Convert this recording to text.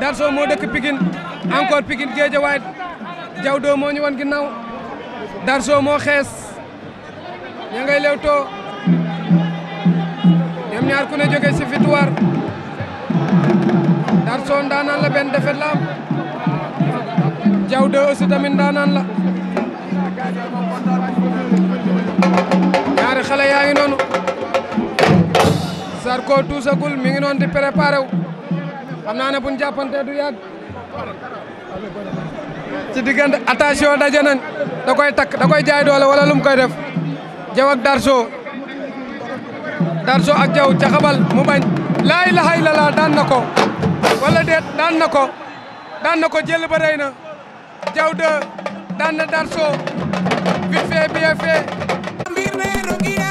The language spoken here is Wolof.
Darso moo dëkk Pikine encore Pikine Guédiawaye Diaw Dóo moo ñu wan ginnaaw Darso moo xees ña ngay lewtoo ñoom ñaar ku ne jóge ci victoire Darso ndaanaan la benn defet la am Dóo aussi tamit ndaanaan la ñaari xale yaa ngi noonu Zarko tuusagul mi ngi noonu di préparé wu. xam naa ne bu ñu yàgg ci diggante attention daje nañ da koy takk da koy jaay doole wala lu koy def jaw ak darso ak jaw caxabal mu bañ laa ilaha illallah ko wala déet daan ko daan na ko jël ba na jaw de daan na darso vite fait